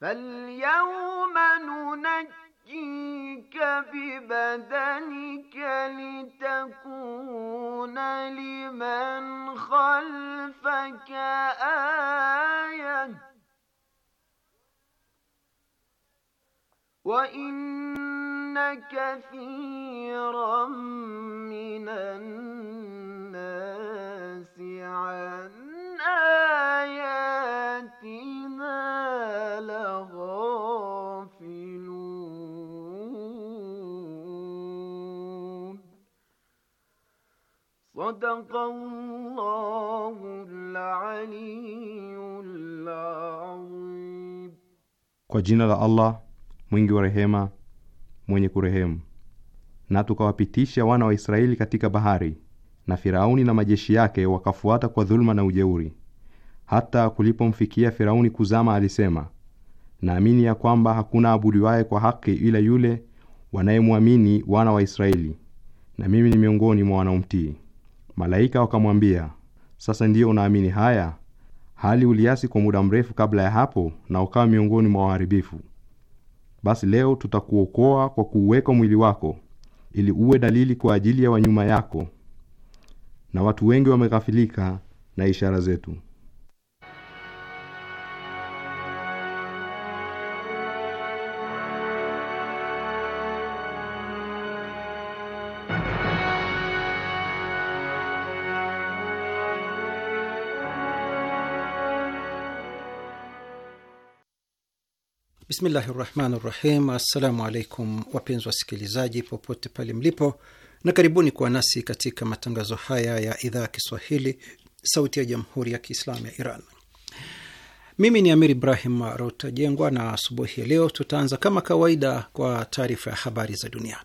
فاليوم ننجيك ببدنك لتكون لمن خلفك آية وإن كثيرا من الناس عن Kwa jina la Allah mwingi wa rehema mwenye kurehemu. Na tukawapitisha wana wa Israeli katika bahari, na Firauni na majeshi yake wakafuata kwa dhuluma na ujeuri, hata kulipomfikia Firauni kuzama, alisema, naamini ya kwamba hakuna abudiwaye kwa haki ila yule wanayemwamini wana wa Israeli, na mimi ni miongoni mwa wanaomtii. Malaika wakamwambia, sasa ndiyo unaamini haya, hali uliasi kwa muda mrefu kabla ya hapo, na ukawa miongoni mwa waharibifu. Basi leo tutakuokoa kwa kuuweka mwili wako, ili uwe dalili kwa ajili ya wanyuma yako, na watu wengi wameghafilika na ishara zetu. Bismillahi rahmani rahim. Assalamu alaikum wapenzi wasikilizaji popote pale mlipo, na karibuni kuwa nasi katika matangazo haya ya idhaa ya Kiswahili sauti ya jamhuri ya Kiislamu ya Iran. Mimi ni Amir Ibrahim rotajengwa na asubuhi ya leo tutaanza kama kawaida kwa taarifa ya habari za dunia.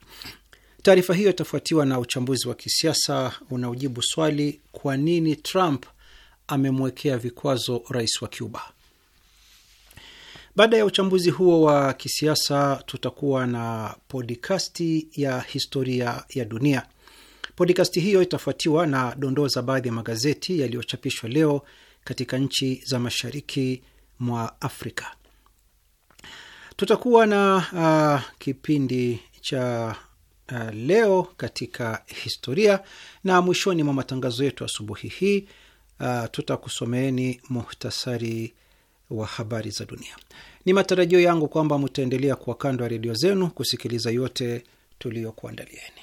Taarifa hiyo itafuatiwa na uchambuzi wa kisiasa unaojibu swali, kwa nini Trump amemwekea vikwazo rais wa Cuba? Baada ya uchambuzi huo wa kisiasa, tutakuwa na podikasti ya historia ya dunia. Podikasti hiyo itafuatiwa na dondoo za baadhi ya magazeti yaliyochapishwa leo katika nchi za mashariki mwa Afrika. Tutakuwa na uh, kipindi cha uh, leo katika historia, na mwishoni mwa matangazo yetu asubuhi hii uh, tutakusomeeni muhtasari wa habari za dunia. Ni matarajio yangu kwamba mtaendelea kuwa kando ya redio zenu kusikiliza yote tuliyokuandalieni.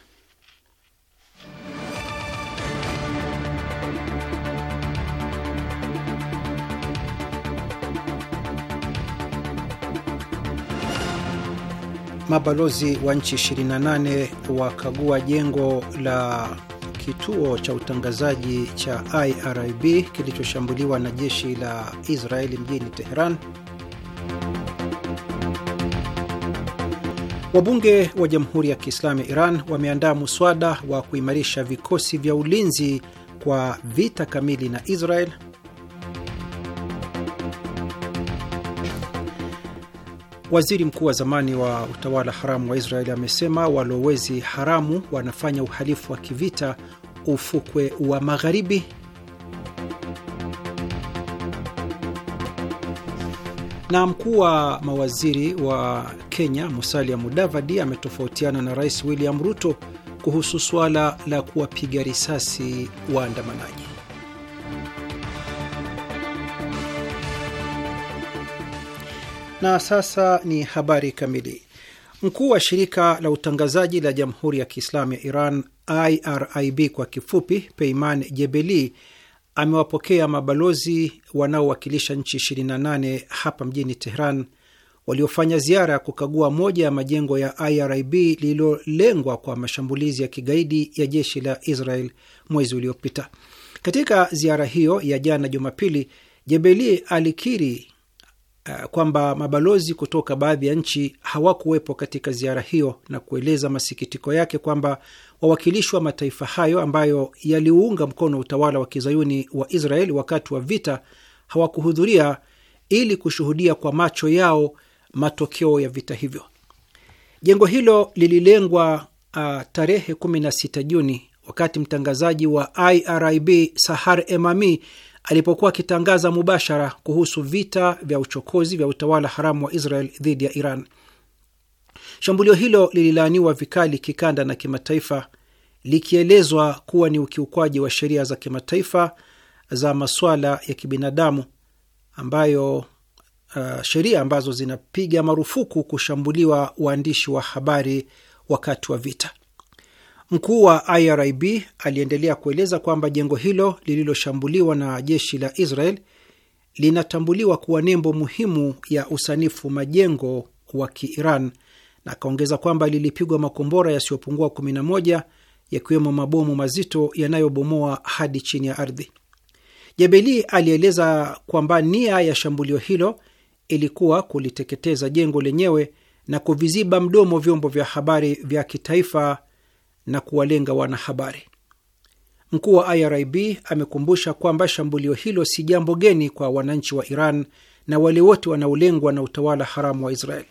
mabalozi wa nchi 28 wakagua jengo la kituo cha utangazaji cha IRIB kilichoshambuliwa na jeshi la Israeli mjini Teheran. Wabunge wa Jamhuri ya Kiislamu ya Iran wameandaa muswada wa kuimarisha vikosi vya ulinzi kwa vita kamili na Israel. Waziri mkuu wa zamani wa utawala haramu wa Israeli amesema walowezi haramu wanafanya uhalifu wa kivita ufukwe wa Magharibi. Na mkuu wa mawaziri wa Kenya Musalia Mudavadi ametofautiana na Rais William Ruto kuhusu suala la kuwapiga risasi waandamanaji. Na sasa ni habari kamili. Mkuu wa shirika la utangazaji la Jamhuri ya Kiislamu ya Iran, IRIB kwa kifupi, Peiman Jebeli amewapokea mabalozi wanaowakilisha nchi 28 hapa mjini Tehran waliofanya ziara ya kukagua moja ya majengo ya IRIB lililolengwa kwa mashambulizi ya kigaidi ya jeshi la Israel mwezi uliopita. Katika ziara hiyo ya jana Jumapili, Jebeli alikiri Eh, kwamba mabalozi kutoka baadhi ya nchi hawakuwepo katika ziara hiyo na kueleza masikitiko yake kwamba wawakilishi wa mataifa hayo ambayo yaliuunga mkono utawala wa kizayuni wa Israel wakati wa vita hawakuhudhuria ili kushuhudia kwa macho yao matokeo ya vita hivyo. Jengo hilo lililengwa uh, tarehe 16 Juni wakati mtangazaji wa IRIB Sahar Emami alipokuwa akitangaza mubashara kuhusu vita vya uchokozi vya utawala haramu wa Israel dhidi ya Iran. Shambulio hilo lililaaniwa vikali kikanda na kimataifa, likielezwa kuwa ni ukiukwaji wa sheria za kimataifa za masuala ya kibinadamu ambayo Uh, sheria ambazo zinapiga marufuku kushambuliwa waandishi wa habari wakati wa vita. Mkuu wa IRIB aliendelea kueleza kwamba jengo hilo lililoshambuliwa na jeshi la Israel linatambuliwa kuwa nembo muhimu ya usanifu majengo wa Kiiran na akaongeza kwamba lilipigwa makombora yasiyopungua 11 yakiwemo mabomu mazito yanayobomoa hadi chini ya ardhi. Jebeli alieleza kwamba nia ya shambulio hilo ilikuwa kuliteketeza jengo lenyewe na kuviziba mdomo vyombo vya habari vya kitaifa na kuwalenga wanahabari. Mkuu wa IRIB amekumbusha kwamba shambulio hilo si jambo geni kwa wananchi wa Iran na wale wote wanaolengwa na utawala haramu wa Israel.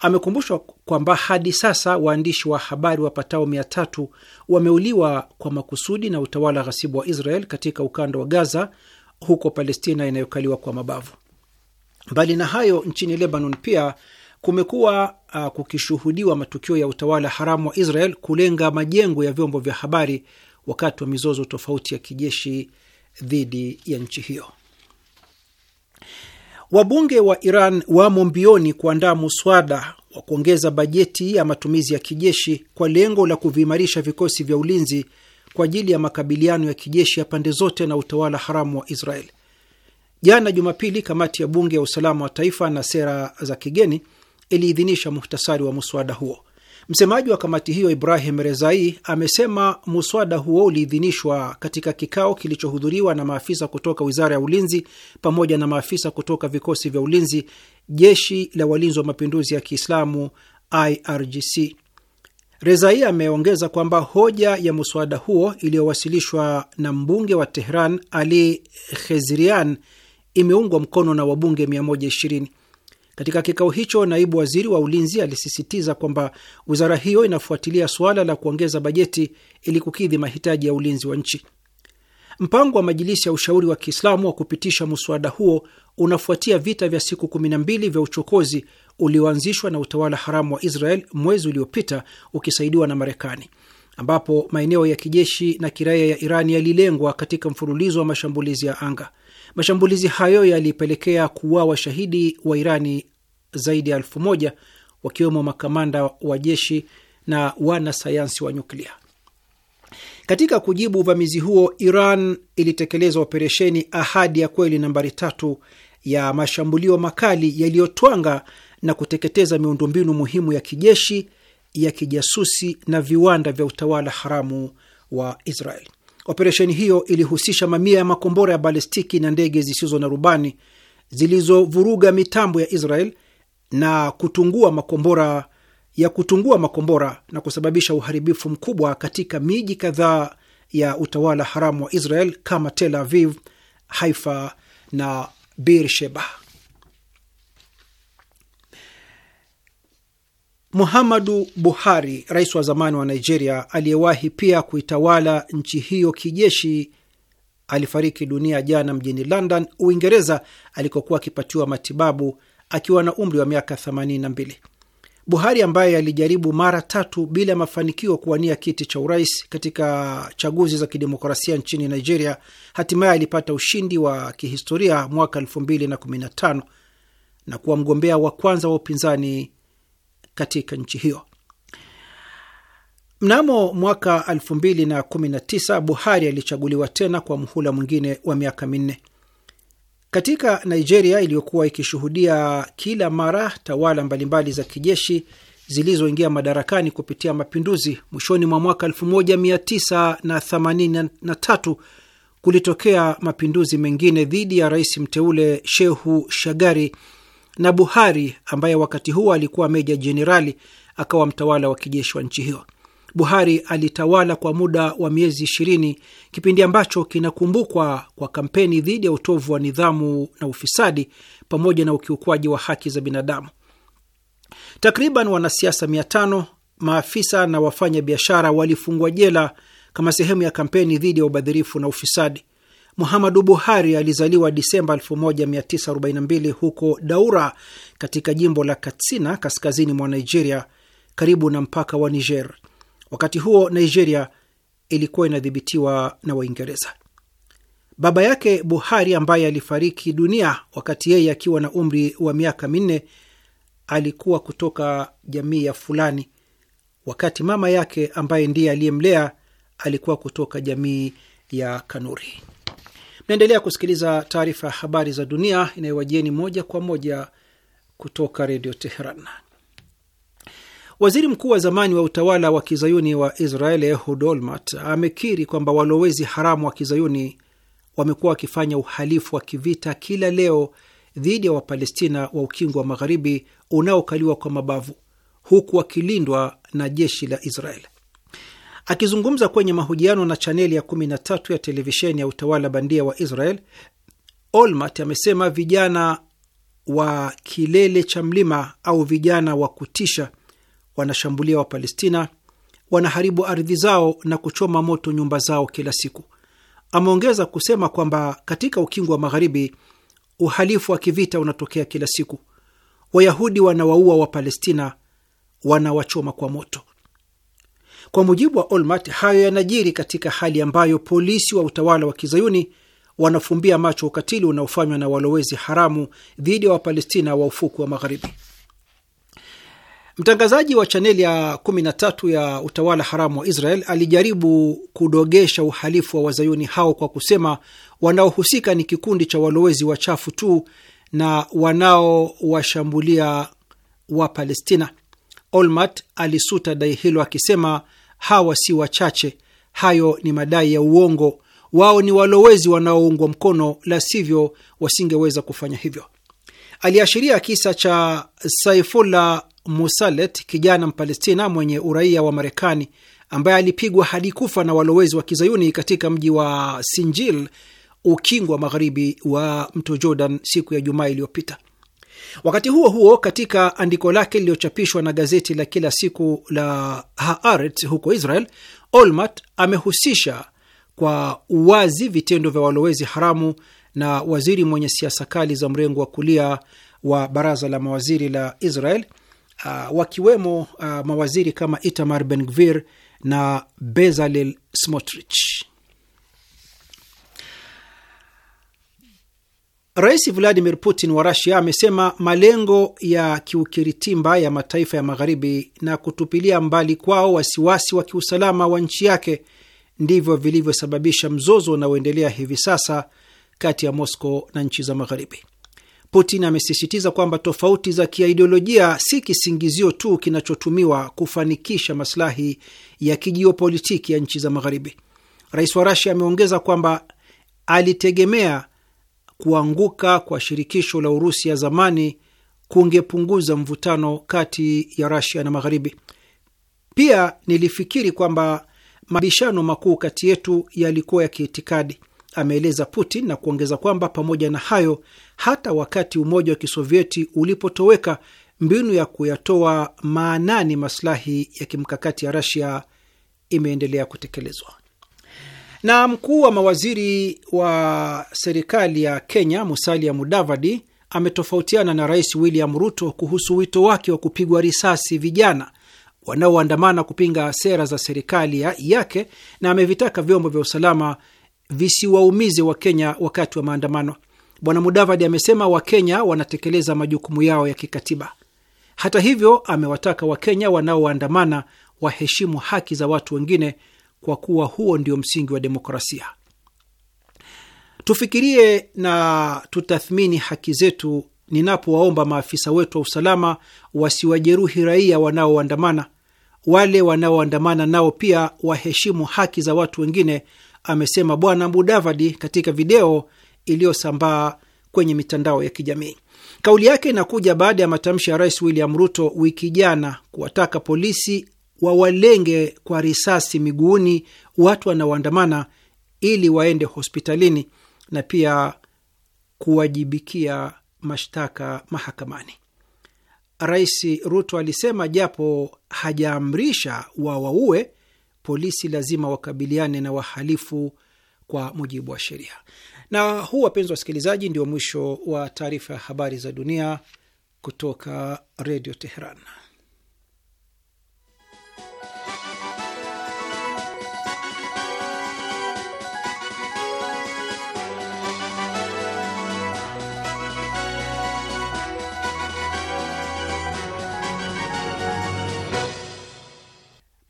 Amekumbushwa kwamba hadi sasa waandishi wa habari wapatao mia tatu wameuliwa kwa makusudi na utawala ghasibu wa Israel katika ukanda wa Gaza, huko Palestina inayokaliwa kwa mabavu. Mbali na hayo, nchini Lebanon pia kumekuwa uh, kukishuhudiwa matukio ya utawala haramu wa Israel kulenga majengo ya vyombo vya habari wakati wa mizozo tofauti ya kijeshi dhidi ya nchi hiyo. Wabunge wa Iran wamo mbioni kuandaa muswada wa kuongeza bajeti ya matumizi ya kijeshi kwa lengo la kuviimarisha vikosi vya ulinzi kwa ajili ya makabiliano ya kijeshi ya pande zote na utawala haramu wa Israel. Jana Jumapili, kamati ya bunge ya usalama wa taifa na sera za kigeni iliidhinisha muhtasari wa muswada huo. Msemaji wa kamati hiyo Ibrahim Rezai amesema muswada huo uliidhinishwa katika kikao kilichohudhuriwa na maafisa kutoka wizara ya ulinzi pamoja na maafisa kutoka vikosi vya ulinzi, jeshi la walinzi wa mapinduzi ya Kiislamu, IRGC. Rezai ameongeza kwamba hoja ya muswada huo iliyowasilishwa na mbunge wa Tehran Ali Khezrian imeungwa mkono na wabunge 120. Katika kikao hicho, naibu waziri wa ulinzi alisisitiza kwamba wizara hiyo inafuatilia suala la kuongeza bajeti ili kukidhi mahitaji ya ulinzi wa nchi. Mpango wa Majilisi ya Ushauri wa Kiislamu wa kupitisha mswada huo unafuatia vita vya siku 12 vya uchokozi ulioanzishwa na utawala haramu wa Israel mwezi uliopita ukisaidiwa na Marekani, ambapo maeneo ya kijeshi na kiraia ya Irani yalilengwa katika mfululizo wa mashambulizi ya anga. Mashambulizi hayo yalipelekea kuwa washahidi wa Irani zaidi ya elfu moja wakiwemo makamanda wa jeshi na wanasayansi wa nyuklia. Katika kujibu uvamizi huo, Iran ilitekeleza operesheni Ahadi ya Kweli nambari tatu ya mashambulio makali yaliyotwanga na kuteketeza miundombinu muhimu ya kijeshi, ya kijasusi na viwanda vya utawala haramu wa Israeli. Operesheni hiyo ilihusisha mamia ya makombora ya balistiki na ndege zisizo na rubani zilizovuruga mitambo ya Israel na kutungua makombora ya kutungua makombora na kusababisha uharibifu mkubwa katika miji kadhaa ya utawala haramu wa Israel kama Tel Aviv, Haifa na Beersheba. Muhammadu Buhari, rais wa zamani wa Nigeria aliyewahi pia kuitawala nchi hiyo kijeshi, alifariki dunia jana mjini London, Uingereza, alikokuwa akipatiwa matibabu akiwa na umri wa miaka 82. Buhari ambaye alijaribu mara tatu bila mafanikio kuwania kiti cha urais katika chaguzi za kidemokrasia nchini Nigeria, hatimaye alipata ushindi wa kihistoria mwaka 2015 na kuwa mgombea wa kwanza wa upinzani katika nchi hiyo. Mnamo mwaka 2019 Buhari alichaguliwa tena kwa muhula mwingine wa miaka minne. Katika Nigeria iliyokuwa ikishuhudia kila mara tawala mbalimbali za kijeshi zilizoingia madarakani kupitia mapinduzi, mwishoni mwa mwaka 1983 kulitokea mapinduzi mengine dhidi ya rais mteule Shehu Shagari na Buhari ambaye wakati huo alikuwa meja jenerali akawa mtawala wa kijeshi wa nchi hiyo. Buhari alitawala kwa muda wa miezi ishirini, kipindi ambacho kinakumbukwa kwa kampeni dhidi ya utovu wa nidhamu na ufisadi pamoja na ukiukwaji wa haki za binadamu. Takriban wanasiasa mia tano, maafisa na wafanya biashara walifungwa jela kama sehemu ya kampeni dhidi ya ubadhirifu na ufisadi muhamadu Buhari alizaliwa Disemba 1942 huko Daura katika jimbo la Katsina, kaskazini mwa Nigeria, karibu na mpaka wa Niger. Wakati huo Nigeria ilikuwa inadhibitiwa na Waingereza. Baba yake Buhari, ambaye alifariki dunia wakati yeye akiwa na umri wa miaka minne, alikuwa kutoka jamii ya Fulani, wakati mama yake ambaye ndiye aliyemlea alikuwa kutoka jamii ya Kanuri. Naendelea kusikiliza taarifa ya habari za dunia inayowajieni moja kwa moja kutoka redio Teheran. Waziri mkuu wa zamani wa utawala wa kizayuni wa Israel Ehud Olmert amekiri kwamba walowezi haramu wa kizayuni wamekuwa wakifanya uhalifu wa kivita kila leo dhidi ya Wapalestina wa ukingo wa magharibi unaokaliwa kwa mabavu huku wakilindwa na jeshi la Israel. Akizungumza kwenye mahojiano na chaneli ya 13 ya televisheni ya utawala bandia wa Israel, Olmert amesema vijana wa kilele cha mlima au vijana wa kutisha wanashambulia Wapalestina, wanaharibu ardhi zao na kuchoma moto nyumba zao kila siku. Ameongeza kusema kwamba katika ukingo wa Magharibi uhalifu wa kivita unatokea kila siku. Wayahudi wanawaua Wapalestina, wanawachoma kwa moto. Kwa mujibu wa Olmert, hayo yanajiri katika hali ambayo polisi wa utawala wa kizayuni wanafumbia macho ukatili unaofanywa na walowezi haramu dhidi ya Wapalestina wa, ufuku wa Magharibi. Mtangazaji wa chaneli ya 13 ya utawala haramu wa Israel alijaribu kudogesha uhalifu wa wazayuni hao kwa kusema wanaohusika ni kikundi cha walowezi wachafu tu na wanaowashambulia Wapalestina. Olmert alisuta dai hilo akisema hawa si wachache. Hayo ni madai ya uongo. Wao ni walowezi wanaoungwa mkono, la sivyo wasingeweza kufanya hivyo. Aliashiria kisa cha Saifullah Musalet, kijana Mpalestina mwenye uraia wa Marekani ambaye alipigwa hadi kufa na walowezi wa kizayuni katika mji wa Sinjil, ukingo wa magharibi wa mto Jordan siku ya Jumaa iliyopita. Wakati huo huo, katika andiko lake lililochapishwa na gazeti la kila siku la Haaretz huko Israel, Olmert amehusisha kwa uwazi vitendo vya walowezi haramu na waziri mwenye siasa kali za mrengo wa kulia wa baraza la mawaziri la Israel, uh, wakiwemo uh, mawaziri kama Itamar Ben Gvir na Bezalel Smotrich. Rais Vladimir Putin wa Rasia amesema malengo ya kiukiritimba ya mataifa ya Magharibi na kutupilia mbali kwao wasiwasi wa kiusalama wa nchi yake ndivyo vilivyosababisha mzozo unaoendelea hivi sasa kati ya mosco na nchi za Magharibi. Putin amesisitiza kwamba tofauti za kiaidiolojia si kisingizio tu kinachotumiwa kufanikisha masilahi ya kijiopolitiki ya nchi za Magharibi. Rais wa Rasia ameongeza kwamba alitegemea kuanguka kwa shirikisho la Urusi ya zamani kungepunguza mvutano kati ya Rasia na Magharibi. Pia nilifikiri kwamba mabishano makuu kati yetu yalikuwa ya kiitikadi, ameeleza Putin na kuongeza kwamba pamoja na hayo, hata wakati Umoja wa Kisovieti ulipotoweka, mbinu ya kuyatoa maanani masilahi ya kimkakati ya Rasia imeendelea kutekelezwa. Na mkuu wa mawaziri wa serikali ya Kenya Musalia Mudavadi ametofautiana na Rais William Ruto kuhusu wito wake wa kupigwa risasi vijana wanaoandamana kupinga sera za serikali ya yake na amevitaka vyombo vya usalama visiwaumize Wakenya wakati wa maandamano. Bwana Mudavadi amesema Wakenya wanatekeleza majukumu yao ya kikatiba. Hata hivyo, amewataka Wakenya wanaoandamana waheshimu haki za watu wengine kwa kuwa huo ndio msingi wa demokrasia. Tufikirie na tutathmini haki zetu ninapowaomba maafisa wetu wa usalama wasiwajeruhi raia wanaoandamana. Wale wanaoandamana nao pia waheshimu haki za watu wengine, amesema Bwana Mudavadi katika video iliyosambaa kwenye mitandao ya kijamii. Kauli yake inakuja baada ya matamshi ya Rais William Ruto wiki jana kuwataka polisi wawalenge kwa risasi miguuni watu wanaoandamana ili waende hospitalini na pia kuwajibikia mashtaka mahakamani. Rais Ruto alisema japo hajaamrisha wawaue, polisi lazima wakabiliane na wahalifu kwa mujibu wa sheria. Na huu, wapenzi wasikilizaji, ndio mwisho wa taarifa ya habari za dunia kutoka Redio Teheran.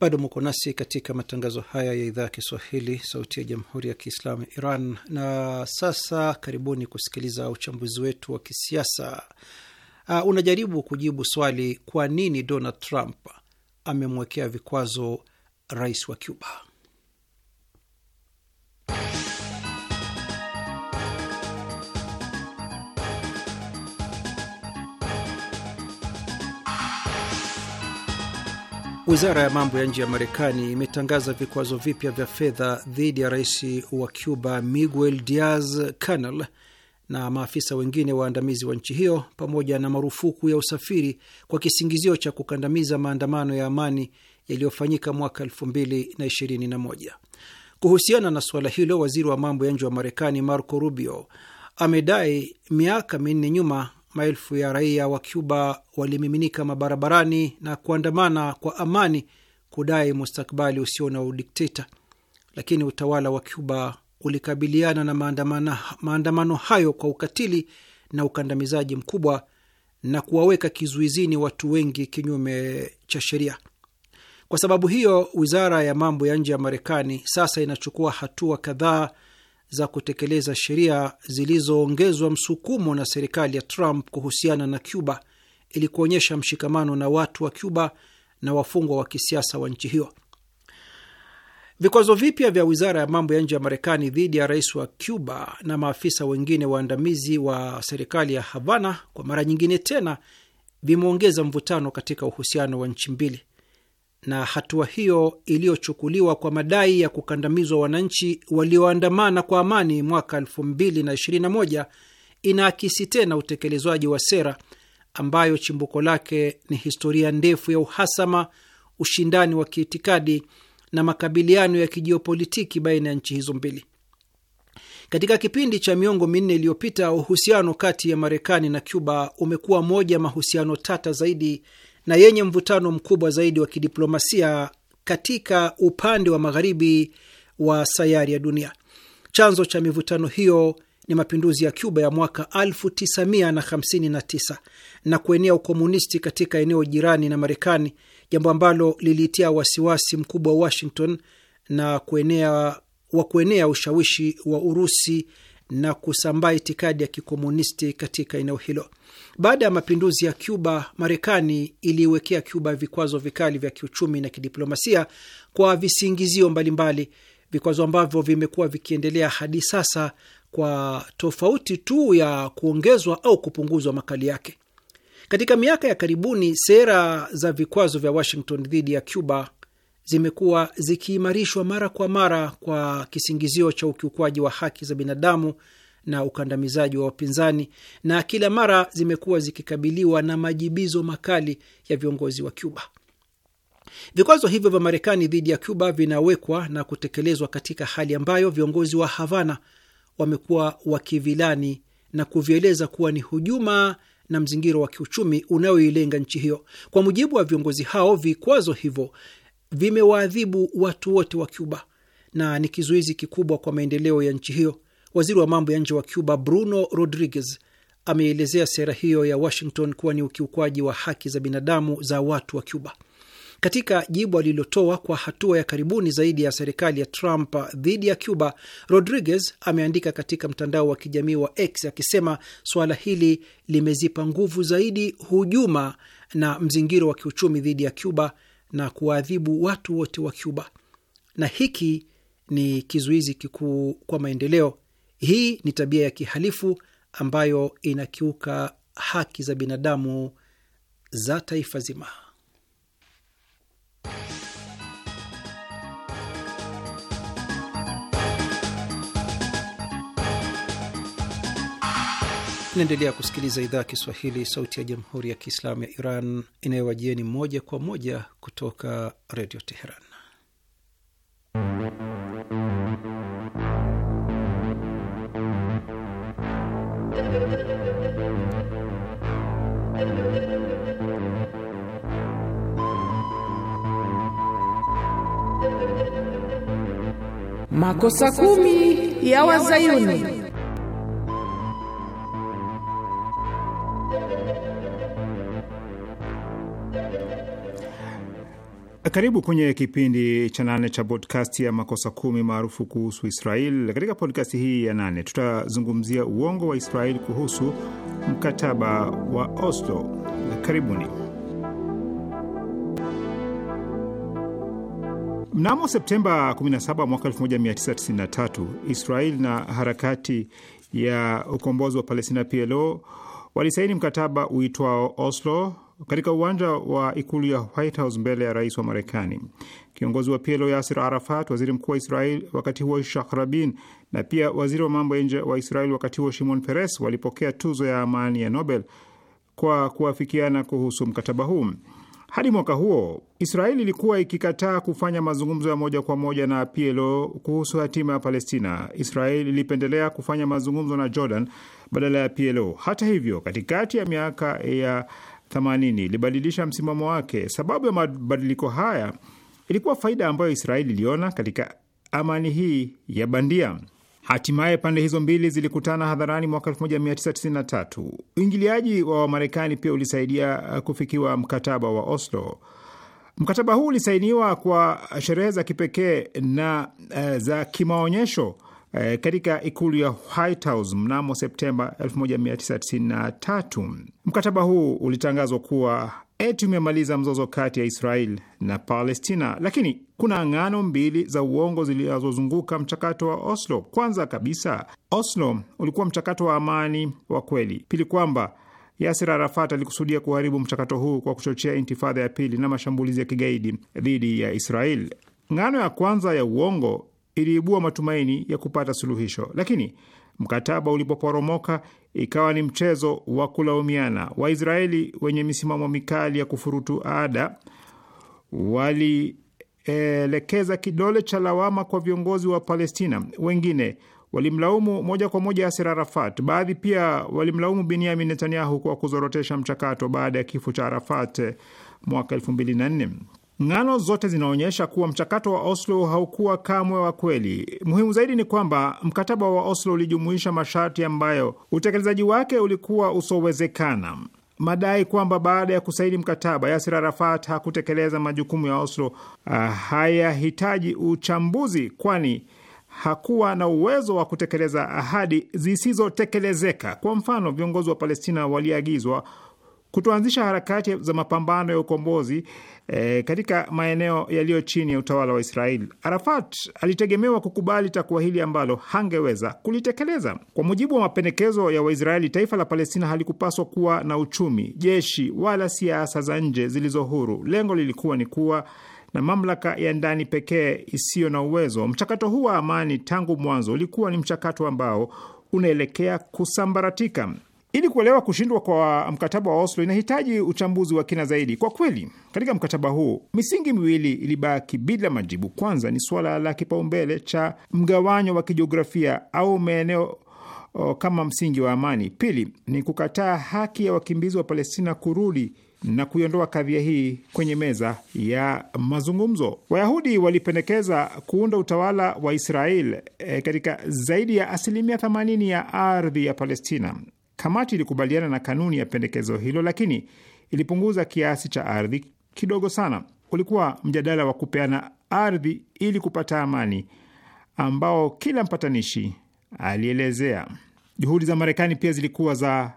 Bado muko nasi katika matangazo haya ya idhaa ya Kiswahili, sauti ya jamhuri ya kiislamu Iran. Na sasa karibuni kusikiliza uchambuzi wetu wa kisiasa uh, unajaribu kujibu swali, kwa nini Donald Trump amemwekea vikwazo rais wa Cuba? Wizara ya mambo ya nje ya Marekani imetangaza vikwazo vipya vya fedha dhidi ya rais wa Cuba Miguel Diaz Canel na maafisa wengine waandamizi wa nchi hiyo pamoja na marufuku ya usafiri kwa kisingizio cha kukandamiza maandamano ya amani yaliyofanyika mwaka 2021. Kuhusiana na suala hilo, waziri wa mambo ya nje wa Marekani Marco Rubio amedai miaka minne nyuma maelfu ya raia wa Cuba walimiminika mabarabarani na kuandamana kwa amani kudai mustakbali usio na udikteta, lakini utawala wa Cuba ulikabiliana na maandamano hayo kwa ukatili na ukandamizaji mkubwa na kuwaweka kizuizini watu wengi kinyume cha sheria. Kwa sababu hiyo, wizara ya mambo ya nje ya Marekani sasa inachukua hatua kadhaa za kutekeleza sheria zilizoongezwa msukumo na serikali ya Trump kuhusiana na Cuba ili kuonyesha mshikamano na watu wa Cuba na wafungwa wa kisiasa wa nchi hiyo. Vikwazo vipya vya wizara ya mambo ya nje ya Marekani dhidi ya rais wa Cuba na maafisa wengine waandamizi wa serikali ya Havana kwa mara nyingine tena vimeongeza mvutano katika uhusiano wa nchi mbili na hatua hiyo iliyochukuliwa kwa madai ya kukandamizwa wananchi walioandamana kwa amani mwaka 2021 inaakisi tena utekelezwaji wa sera ambayo chimbuko lake ni historia ndefu ya uhasama, ushindani wa kiitikadi na makabiliano ya kijiopolitiki baina ya nchi hizo mbili. Katika kipindi cha miongo minne iliyopita, uhusiano kati ya Marekani na Cuba umekuwa moja mahusiano tata zaidi na yenye mvutano mkubwa zaidi wa kidiplomasia katika upande wa magharibi wa sayari ya dunia. Chanzo cha mivutano hiyo ni mapinduzi ya Cuba ya mwaka 1959 na kuenea ukomunisti katika eneo jirani na Marekani, jambo ambalo liliitia wasiwasi mkubwa Washington na kuenea wa kuenea ushawishi wa Urusi na kusambaa itikadi ya kikomunisti katika eneo hilo. Baada ya mapinduzi ya Cuba, Marekani iliiwekea Cuba vikwazo vikali vya kiuchumi na kidiplomasia kwa visingizio mbalimbali, vikwazo ambavyo vimekuwa vikiendelea hadi sasa kwa tofauti tu ya kuongezwa au kupunguzwa makali yake. Katika miaka ya karibuni, sera za vikwazo vya Washington dhidi ya Cuba zimekuwa zikiimarishwa mara kwa mara kwa kisingizio cha ukiukwaji wa haki za binadamu na ukandamizaji wa wapinzani na kila mara zimekuwa zikikabiliwa na majibizo makali ya viongozi wa Cuba. Vikwazo hivyo vya Marekani dhidi ya Cuba vinawekwa na kutekelezwa katika hali ambayo viongozi wa Havana wamekuwa wakivilani na kuvieleza kuwa ni hujuma na mzingiro wa kiuchumi unaoilenga nchi hiyo. Kwa mujibu wa viongozi hao, vikwazo hivyo vimewaadhibu watu wote wa Cuba na ni kizuizi kikubwa kwa maendeleo ya nchi hiyo. Waziri wa mambo ya nje wa Cuba Bruno Rodriguez ameelezea sera hiyo ya Washington kuwa ni ukiukwaji wa haki za binadamu za watu wa Cuba. Katika jibu alilotoa kwa hatua ya karibuni zaidi ya serikali ya Trump dhidi ya Cuba, Rodriguez ameandika katika mtandao wa kijamii wa X akisema suala hili limezipa nguvu zaidi hujuma na mzingiro wa kiuchumi dhidi ya Cuba na kuwaadhibu watu wote wa Cuba, na hiki ni kizuizi kikuu kwa maendeleo hii ni tabia ya kihalifu ambayo inakiuka haki za binadamu za taifa zima. Naendelea kusikiliza idhaa ya Kiswahili, sauti ya jamhuri ya kiislamu ya Iran inayowajieni moja kwa moja kutoka redio Teheran. Makosa kumi ya Wazayuni. Karibu kwenye kipindi cha nane cha podcast ya makosa kumi maarufu kuhusu Israel. Katika podcast hii ya nane, tutazungumzia uongo wa Israel kuhusu mkataba wa Oslo. Karibuni. Mnamo Septemba 17 mwaka 1993 Israel na harakati ya ukombozi wa Palestina PLO walisaini mkataba uitwao Oslo katika uwanja wa ikulu ya White House mbele ya rais wa Marekani. Kiongozi wa PLO Yasir Arafat, waziri mkuu wa Israel wakati huo Shakh Rabin na pia waziri wa mambo ya nje wa Israel wakati huo Shimon Peres walipokea tuzo ya amani ya Nobel kwa kuafikiana kuhusu mkataba huu. Hadi mwaka huo Israeli ilikuwa ikikataa kufanya mazungumzo ya moja kwa moja na PLO kuhusu hatima ya Palestina. Israeli ilipendelea kufanya mazungumzo na Jordan badala ya PLO. Hata hivyo, katikati ya miaka ya 80 ilibadilisha msimamo wake. Sababu ya mabadiliko haya ilikuwa faida ambayo Israeli iliona katika amani hii ya bandia. Hatimaye pande hizo mbili zilikutana hadharani mwaka 1993. Uingiliaji wa Wamarekani pia ulisaidia uh, kufikiwa mkataba wa Oslo. Mkataba huu ulisainiwa kwa sherehe za kipekee na uh, za kimaonyesho uh, katika ikulu ya White House mnamo Septemba 1993. Mkataba huu ulitangazwa kuwa eti umemaliza mzozo kati ya Israel na Palestina, lakini kuna ngano mbili za uongo zilizozunguka mchakato wa Oslo. Kwanza kabisa, Oslo ulikuwa mchakato wa amani wa kweli; pili, kwamba Yasir Arafat alikusudia kuharibu mchakato huu kwa kuchochea intifadha ya pili na mashambulizi ya kigaidi dhidi ya Israel. Ngano ya kwanza ya uongo iliibua matumaini ya kupata suluhisho, lakini mkataba ulipoporomoka ikawa ni mchezo wa kulaumiana. Waisraeli wenye misimamo mikali ya kufurutu ada wali kuelekeza kidole cha lawama kwa viongozi wa Palestina. Wengine walimlaumu moja kwa moja Yasir Arafat. Baadhi pia walimlaumu Binyamin Netanyahu kwa kuzorotesha mchakato baada ya kifo cha Arafat mwaka nne. Ngano zote zinaonyesha kuwa mchakato wa Oslo haukuwa kamwe wa kweli. Muhimu zaidi ni kwamba mkataba wa Oslo ulijumuisha masharti ambayo utekelezaji wake ulikuwa usowezekana madai kwamba baada ya kusaini mkataba Yasir Arafat hakutekeleza majukumu ya Oslo ah, hayahitaji uchambuzi, kwani hakuwa na uwezo wa kutekeleza ahadi zisizotekelezeka. Kwa mfano, viongozi wa Palestina waliagizwa kutoanzisha harakati za mapambano ya ukombozi e, katika maeneo yaliyo chini ya utawala wa Israeli. Arafat alitegemewa kukubali takwa hili ambalo hangeweza kulitekeleza. Kwa mujibu wa mapendekezo ya Waisraeli, taifa la Palestina halikupaswa kuwa na uchumi, jeshi wala siasa za nje zilizo huru. Lengo lilikuwa ni kuwa na mamlaka ya ndani pekee isiyo na uwezo. Mchakato huu wa amani tangu mwanzo ulikuwa ni mchakato ambao unaelekea kusambaratika. Ili kuelewa kushindwa kwa mkataba wa Oslo inahitaji uchambuzi wa kina zaidi. Kwa kweli, katika mkataba huu misingi miwili ilibaki bila majibu. Kwanza ni suala la kipaumbele cha mgawanyo wa kijiografia au maeneo kama msingi wa amani. Pili ni kukataa haki ya wakimbizi wa Palestina kurudi na kuiondoa kadhia hii kwenye meza ya mazungumzo. Wayahudi walipendekeza kuunda utawala wa Israel e, katika zaidi ya asilimia 80 ya ardhi ya Palestina. Kamati ilikubaliana na kanuni ya pendekezo hilo, lakini ilipunguza kiasi cha ardhi kidogo sana. ulikuwa mjadala wa kupeana ardhi ili kupata amani, ambao kila mpatanishi alielezea. Juhudi za Marekani pia zilikuwa za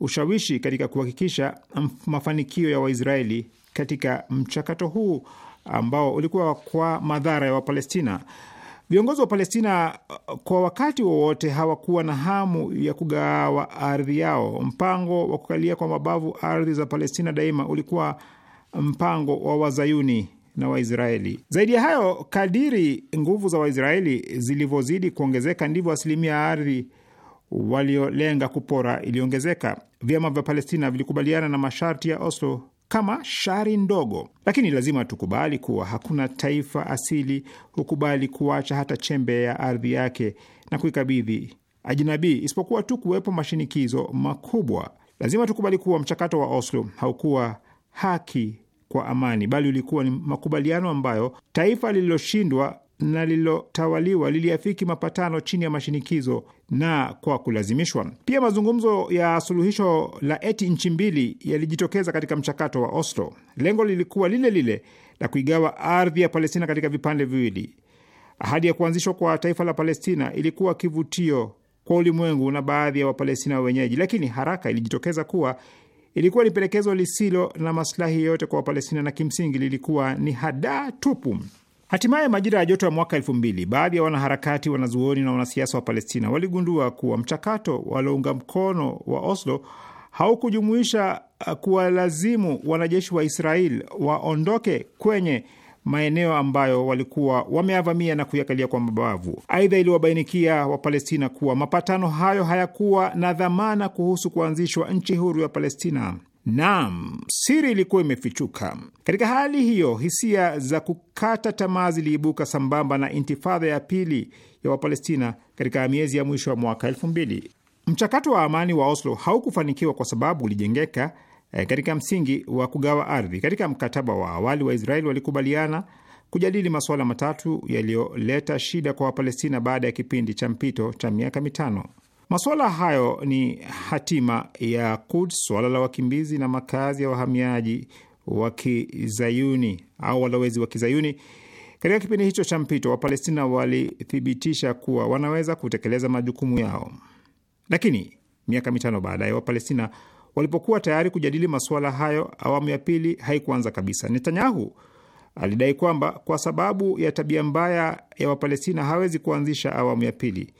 ushawishi katika kuhakikisha mafanikio ya Waisraeli katika mchakato huu ambao ulikuwa kwa madhara ya Wapalestina. Viongozi wa Palestina uh, kwa wakati wowote hawakuwa na hamu ya kugawa ardhi yao. Mpango wa kukalia kwa mabavu ardhi za Palestina daima ulikuwa mpango wa Wazayuni na Waisraeli. Zaidi ya hayo, kadiri nguvu za Waisraeli zilivyozidi kuongezeka, ndivyo asilimia ardhi waliolenga kupora iliongezeka. Vyama vya Palestina vilikubaliana na masharti ya Oslo kama shari ndogo, lakini lazima tukubali kuwa hakuna taifa asili hukubali kuacha hata chembe ya ardhi yake na kuikabidhi ajinabii, isipokuwa tu kuwepo mashinikizo makubwa. Lazima tukubali kuwa mchakato wa Oslo haukuwa haki kwa amani, bali ulikuwa ni makubaliano ambayo taifa lililoshindwa na lililotawaliwa liliafiki mapatano chini ya mashinikizo na kwa kulazimishwa. Pia mazungumzo ya suluhisho la eti nchi mbili yalijitokeza katika mchakato wa Oslo. Lengo lilikuwa lile lile la kuigawa ardhi ya Palestina katika vipande viwili. Ahadi ya kuanzishwa kwa taifa la Palestina ilikuwa kivutio kwa ulimwengu na baadhi ya Wapalestina wenyeji, lakini haraka ilijitokeza kuwa ilikuwa ni pendekezo lisilo na masilahi yoyote kwa Wapalestina na kimsingi lilikuwa ni hadaa tupu. Hatimaye majira ya joto ya mwaka elfu mbili, baadhi ya wanaharakati, wanazuoni na wanasiasa wa Palestina waligundua kuwa mchakato waliounga mkono wa Oslo haukujumuisha uh, kuwalazimu wanajeshi wa Israel waondoke kwenye maeneo ambayo walikuwa wameavamia na kuyakalia kwa mabavu. Aidha, iliwabainikia Wapalestina kuwa mapatano hayo hayakuwa na dhamana kuhusu kuanzishwa nchi huru ya Palestina. Naam, siri ilikuwa imefichuka. Katika hali hiyo, hisia za kukata tamaa ziliibuka sambamba na intifadha ya pili ya Wapalestina katika miezi ya mwisho wa mwaka elfu mbili. Mchakato wa amani wa Oslo haukufanikiwa kwa sababu ulijengeka eh, katika msingi wa kugawa ardhi. Katika mkataba wa awali wa Israeli walikubaliana kujadili masuala matatu yaliyoleta shida kwa Wapalestina baada ya kipindi cha mpito cha miaka mitano. Masuala hayo ni hatima ya Quds, swala la wakimbizi na makazi ya wahamiaji wa kizayuni au walowezi wa kizayuni. Katika kipindi hicho cha mpito, Wapalestina walithibitisha kuwa wanaweza kutekeleza majukumu yao, lakini miaka mitano baadaye, Wapalestina walipokuwa tayari kujadili masuala hayo, awamu ya pili haikuanza kabisa. Netanyahu alidai kwamba kwa sababu ya tabia mbaya ya Wapalestina hawezi kuanzisha awamu ya pili.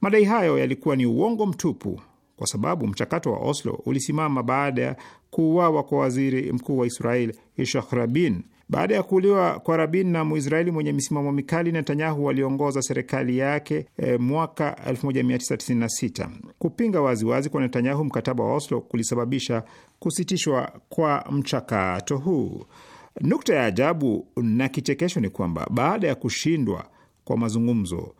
Madai hayo yalikuwa ni uongo mtupu, kwa sababu mchakato wa Oslo ulisimama baada ya kuuawa kwa waziri mkuu wa Israel Ishak Rabin. Baada ya kuuliwa kwa Rabin na Muisraeli mwenye misimamo mikali, Netanyahu waliongoza serikali yake e, mwaka 1996. Kupinga waziwazi wazi kwa Netanyahu mkataba wa Oslo kulisababisha kusitishwa kwa mchakato huu. Nukta ya ajabu na kichekesho ni kwamba baada ya kushindwa kwa mazungumzo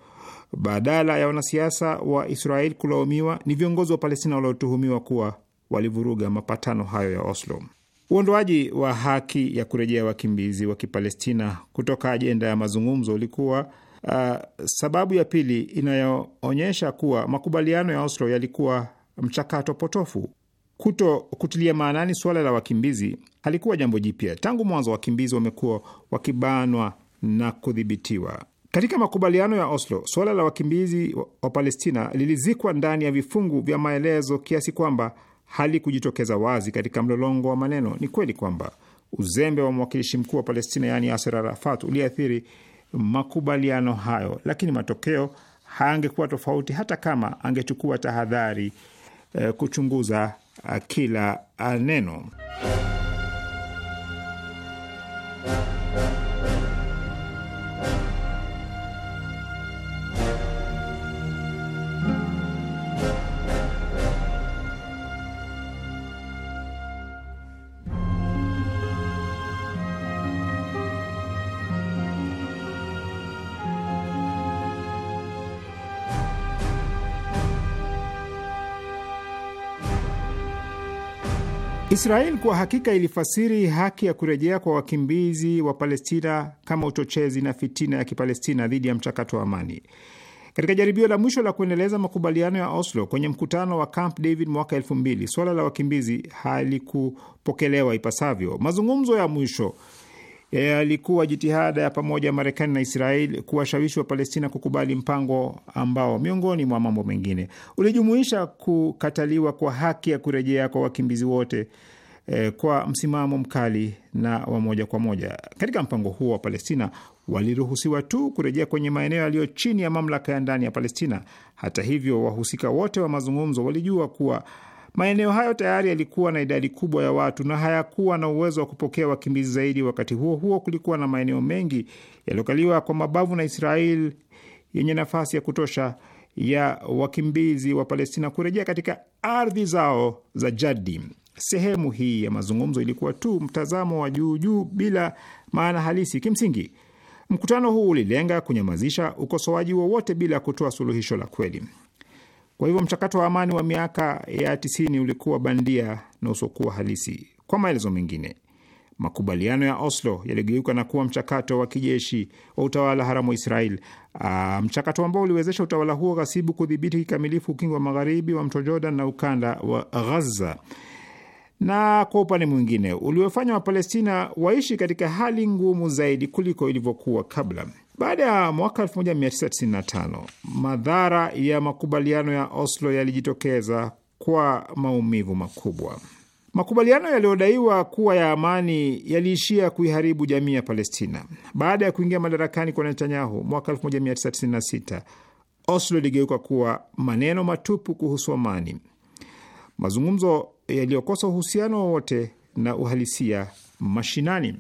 badala ya wanasiasa wa Israel kulaumiwa, ni viongozi wa Palestina waliotuhumiwa kuwa walivuruga mapatano hayo ya Oslo. Uondoaji wa haki ya kurejea wakimbizi wa Kipalestina kutoka ajenda ya mazungumzo ulikuwa uh, sababu ya pili inayoonyesha kuwa makubaliano ya Oslo yalikuwa mchakato potofu. Kuto kutilia maanani suala la wakimbizi halikuwa jambo jipya. Tangu mwanzo, wakimbizi wamekuwa wakibanwa na kudhibitiwa. Katika makubaliano ya Oslo, suala la wakimbizi wa Palestina lilizikwa ndani ya vifungu vya maelezo kiasi kwamba halikujitokeza wazi katika mlolongo wa maneno. Ni kweli kwamba uzembe wa mwakilishi mkuu wa Palestina, yaani aser Arafat, uliathiri makubaliano hayo, lakini matokeo hayangekuwa tofauti hata kama angechukua tahadhari eh, kuchunguza ah, kila ah, neno Israel kwa hakika ilifasiri haki ya kurejea kwa wakimbizi wa Palestina kama uchochezi na fitina ya Kipalestina dhidi ya mchakato wa amani. Katika jaribio la mwisho la kuendeleza makubaliano ya Oslo kwenye mkutano wa Camp David mwaka elfu mbili, suala la wakimbizi halikupokelewa ipasavyo. Mazungumzo ya mwisho yalikuwa e, jitihada ya pamoja Marekani na Israel kuwashawishi wa Palestina kukubali mpango ambao miongoni mwa mambo mengine ulijumuisha kukataliwa kwa haki ya kurejea kwa wakimbizi wote eh, kwa msimamo mkali na wa moja kwa moja. Katika mpango huo wa Palestina waliruhusiwa tu kurejea kwenye maeneo yaliyo chini ya mamlaka ya ndani ya Palestina. Hata hivyo, wahusika wote wa mazungumzo walijua kuwa Maeneo hayo tayari yalikuwa na idadi kubwa ya watu na hayakuwa na uwezo wa kupokea wakimbizi zaidi. Wakati huo huo, kulikuwa na maeneo mengi yaliyokaliwa kwa mabavu na israel yenye nafasi ya kutosha ya wakimbizi wa Palestina kurejea katika ardhi zao za jadi. Sehemu hii ya mazungumzo ilikuwa tu mtazamo wa juu juu bila maana halisi. Kimsingi, mkutano huu ulilenga kunyamazisha ukosoaji wowote bila kutoa suluhisho la kweli. Kwa hivyo mchakato wa amani wa miaka ya tisini ulikuwa bandia na usiokuwa halisi. Kwa maelezo mengine, makubaliano ya Oslo yaligeuka na kuwa mchakato wa kijeshi wa utawala haramu wa Israel, ah, mchakato ambao uliwezesha utawala huo ghasibu kudhibiti kikamilifu ukingo wa magharibi wa mto Jordan na ukanda wa Ghaza na kwa upande mwingine uliofanya Wapalestina waishi katika hali ngumu zaidi kuliko ilivyokuwa kabla. Baada ya mwaka 1995 madhara ya makubaliano ya Oslo yalijitokeza kwa maumivu makubwa. Makubaliano yaliyodaiwa kuwa ya amani yaliishia kuiharibu jamii ya Palestina. Baada ya kuingia madarakani kwa Netanyahu mwaka 1996, Oslo iligeuka kuwa maneno matupu kuhusu amani. Mazungumzo yaliyokosa uhusiano wowote na uhalisia mashinani.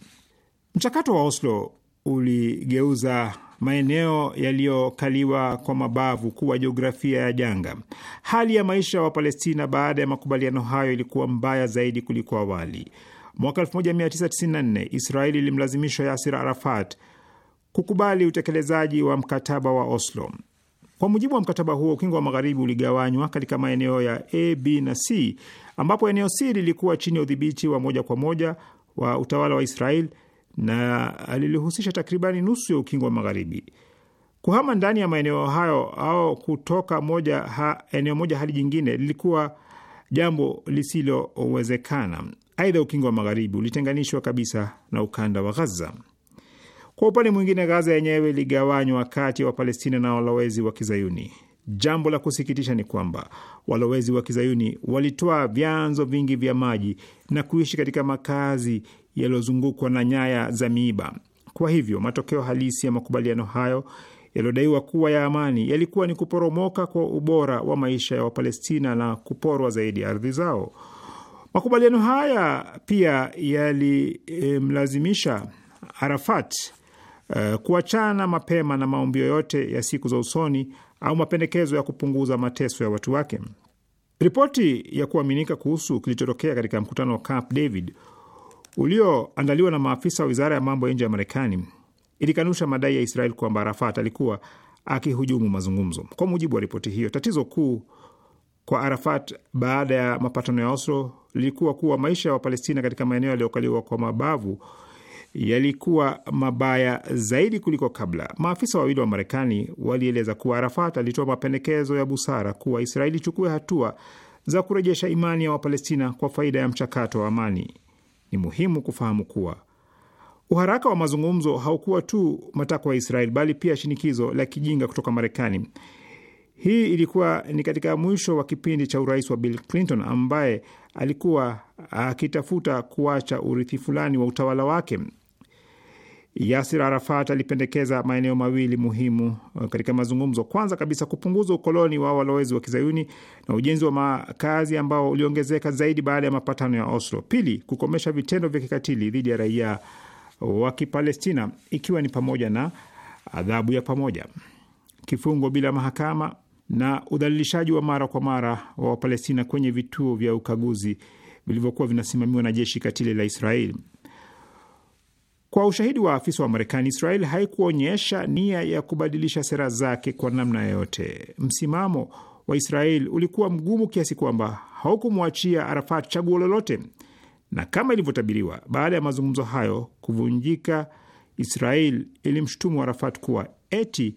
Mchakato wa Oslo uligeuza maeneo yaliyokaliwa kwa mabavu kuwa jiografia ya janga. Hali ya maisha wa Palestina baada ya makubaliano hayo ilikuwa mbaya zaidi kuliko awali. Mwaka 1994 Israeli ilimlazimishwa Yasir Arafat kukubali utekelezaji wa mkataba wa Oslo. Kwa mujibu wa mkataba huo, ukingo wa magharibi uligawanywa katika maeneo ya A, B na C, ambapo eneo C lilikuwa chini ya udhibiti wa moja kwa moja wa utawala wa Israel na lilihusisha takribani nusu ya ukingo wa magharibi. Kuhama ndani ya maeneo hayo au kutoka moja ha, eneo moja hadi jingine lilikuwa jambo lisilowezekana. Aidha, ukingo wa magharibi ulitenganishwa kabisa na ukanda wa Ghaza. Kwa upande mwingine, Gaza yenyewe iligawanywa kati ya Wapalestina na walowezi wa Kizayuni. Jambo la kusikitisha ni kwamba walowezi wa Kizayuni walitoa vyanzo vingi vya maji na kuishi katika makazi yaliyozungukwa na nyaya za miiba. Kwa hivyo matokeo halisi ya makubaliano hayo yaliyodaiwa kuwa ya amani yalikuwa ni kuporomoka kwa ubora wa maisha ya Wapalestina na kuporwa zaidi ya ardhi zao. Makubaliano haya pia yalimlazimisha Arafat Eh, kuachana mapema na maombi yoyote ya siku za usoni au mapendekezo ya kupunguza mateso ya watu wake. Ripoti ya kuaminika kuhusu kilichotokea katika mkutano wa Camp David ulioandaliwa na maafisa wa wizara ya mambo ya nje ya Marekani ilikanusha madai ya Israel kwamba Arafat alikuwa akihujumu mazungumzo. Kwa mujibu wa ripoti hiyo, tatizo kuu kwa Arafat baada ya mapatano ya Oslo lilikuwa kuwa maisha ya Wapalestina katika maeneo yaliyokaliwa kwa mabavu yalikuwa mabaya zaidi kuliko kabla. Maafisa wawili wa Marekani walieleza kuwa Arafat alitoa mapendekezo ya busara kuwa Israeli ichukue hatua za kurejesha imani ya Wapalestina kwa faida ya mchakato wa amani. Ni muhimu kufahamu kuwa uharaka wa mazungumzo haukuwa tu matakwa ya Israeli bali pia shinikizo la kijinga kutoka Marekani. Hii ilikuwa ni katika mwisho wa kipindi cha urais wa Bill Clinton ambaye alikuwa akitafuta kuacha urithi fulani wa utawala wake. Yasir Arafat alipendekeza maeneo mawili muhimu uh, katika mazungumzo. Kwanza kabisa, kupunguza ukoloni wa walowezi wa kizayuni na ujenzi wa makazi ambao uliongezeka zaidi baada ya mapatano ya Oslo. Pili, kukomesha vitendo vya kikatili dhidi ya raia wa Kipalestina, ikiwa ni pamoja na adhabu ya pamoja, kifungo bila mahakama na udhalilishaji wa mara kwa mara wa Wapalestina kwenye vituo vya ukaguzi vilivyokuwa vinasimamiwa na jeshi katili la Israeli. Kwa ushahidi wa afisa wa Marekani, Israel haikuonyesha nia ya kubadilisha sera zake kwa namna yoyote. Msimamo wa Israel ulikuwa mgumu kiasi kwamba haukumwachia Arafat chaguo lolote, na kama ilivyotabiriwa, baada ya mazungumzo hayo kuvunjika, Israel ilimshutumu Arafat kuwa eti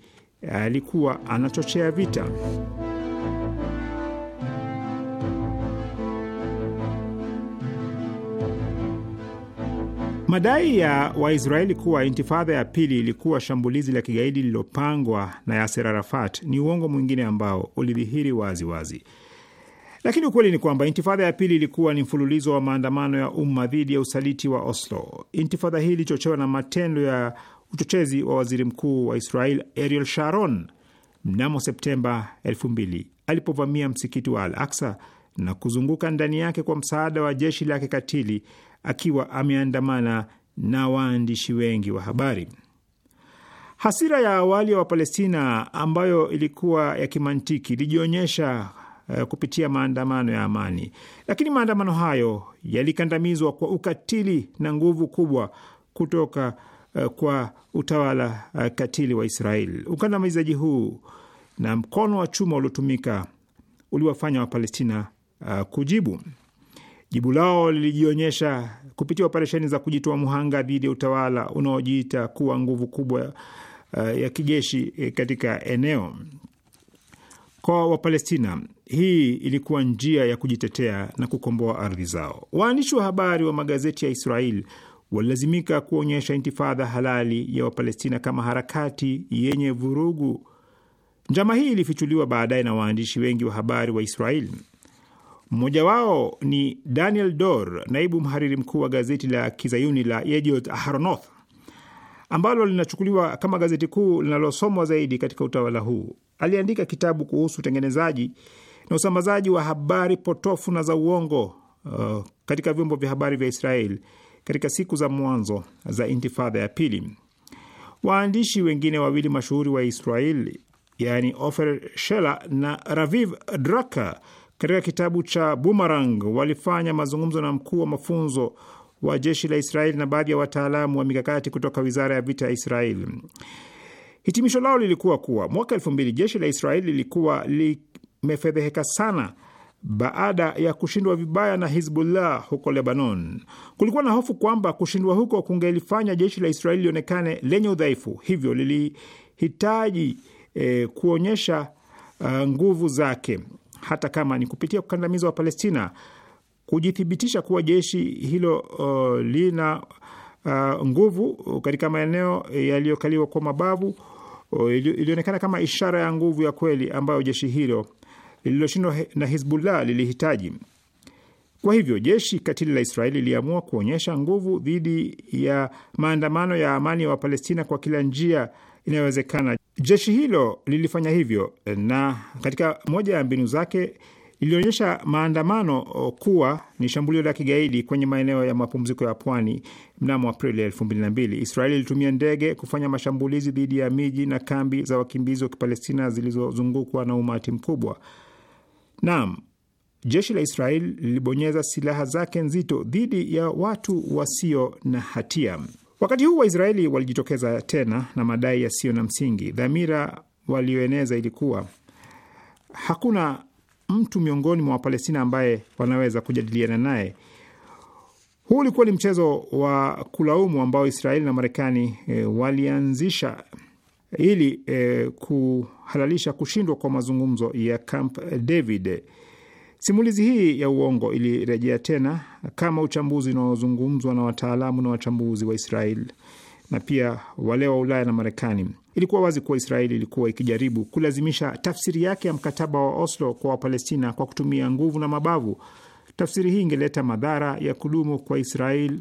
alikuwa anachochea vita. Madai ya Waisraeli kuwa intifadha ya pili ilikuwa shambulizi la kigaidi lililopangwa na Yaser Arafat ni uongo mwingine ambao ulidhihiri wazi wazi. Lakini ukweli ni kwamba intifadha ya pili ilikuwa ni mfululizo wa maandamano ya umma dhidi ya usaliti wa Oslo. Intifadha hii ilichochewa na matendo ya uchochezi wa waziri mkuu wa Israel Ariel Sharon mnamo Septemba 2000 alipovamia msikiti wa Al Aksa na kuzunguka ndani yake kwa msaada wa jeshi lake katili akiwa ameandamana na waandishi wengi wa habari. Hasira ya awali ya wa Wapalestina ambayo ilikuwa ya kimantiki ilijionyesha uh, kupitia maandamano ya amani, lakini maandamano hayo yalikandamizwa kwa ukatili na nguvu kubwa kutoka uh, kwa utawala uh, katili wa israel Ukandamizaji huu na mkono wa chuma uliotumika uliwafanya Wapalestina uh, kujibu. Jibu lao lilijionyesha kupitia operesheni za kujitoa muhanga dhidi ya utawala unaojiita kuwa nguvu kubwa uh, ya kijeshi eh, katika eneo. Kwa Wapalestina, hii ilikuwa njia ya kujitetea na kukomboa ardhi zao. Waandishi wa habari wa magazeti ya Israel walilazimika kuonyesha intifadha halali ya Wapalestina kama harakati yenye vurugu. Njama hii ilifichuliwa baadaye na waandishi wengi wa habari wa Israel. Mmoja wao ni Daniel Dor, naibu mhariri mkuu wa gazeti la kizayuni la Yediot Ahronoth ambalo linachukuliwa kama gazeti kuu linalosomwa zaidi katika utawala huu. Aliandika kitabu kuhusu utengenezaji na usambazaji wa habari potofu na za uongo uh, katika vyombo vya habari vya Israel katika siku za mwanzo za intifadha ya pili. Waandishi wengine wawili mashuhuri wa Israel, yaani Ofer Shela na Raviv Draka katika kitabu cha Bumarang walifanya mazungumzo na mkuu wa mafunzo wa jeshi la Israeli na baadhi ya wataalamu wa mikakati kutoka wizara ya vita ya Israeli. Hitimisho lao lilikuwa kuwa mwaka elfu mbili jeshi la Israeli lilikuwa limefedheheka sana baada ya kushindwa vibaya na Hizbullah huko Lebanon. Kulikuwa na hofu kwamba kushindwa huko kungelifanya jeshi la Israeli lionekane lenye udhaifu, hivyo lilihitaji eh, kuonyesha uh, nguvu zake hata kama ni kupitia kukandamiza wa Palestina, kujithibitisha kuwa jeshi hilo uh, lina uh, nguvu katika maeneo yaliyokaliwa kwa mabavu uh, ilionekana kama ishara ya nguvu ya kweli ambayo jeshi hilo lililoshindwa na Hizbullah lilihitaji. Kwa hivyo jeshi katili la Israeli liliamua kuonyesha nguvu dhidi ya maandamano ya amani ya Wapalestina kwa kila njia inayowezekana, Jeshi hilo lilifanya hivyo, na katika moja ya mbinu zake ilionyesha maandamano kuwa ni shambulio la kigaidi kwenye maeneo ya mapumziko ya pwani. Mnamo Aprili elfu mbili na mbili, Israeli ilitumia ndege kufanya mashambulizi dhidi ya miji na kambi za wakimbizi wa Kipalestina zilizozungukwa na umati mkubwa. Naam, jeshi la Israeli lilibonyeza silaha zake nzito dhidi ya watu wasio na hatia. Wakati huu Waisraeli walijitokeza tena na madai yasiyo na msingi. Dhamira walioeneza ilikuwa hakuna mtu miongoni mwa Wapalestina ambaye wanaweza kujadiliana naye. Huu ulikuwa ni mchezo wa kulaumu ambao Israeli na Marekani e, walianzisha ili e, kuhalalisha kushindwa kwa mazungumzo ya Camp David. Simulizi hii ya uongo ilirejea tena kama uchambuzi unaozungumzwa na wataalamu na wachambuzi wa Israel na pia wale wa Ulaya na Marekani. Ilikuwa wazi kuwa Israeli ilikuwa ikijaribu kulazimisha tafsiri yake ya mkataba wa Oslo kwa Wapalestina kwa kutumia nguvu na mabavu. Tafsiri hii ingeleta madhara ya kudumu kwa Israel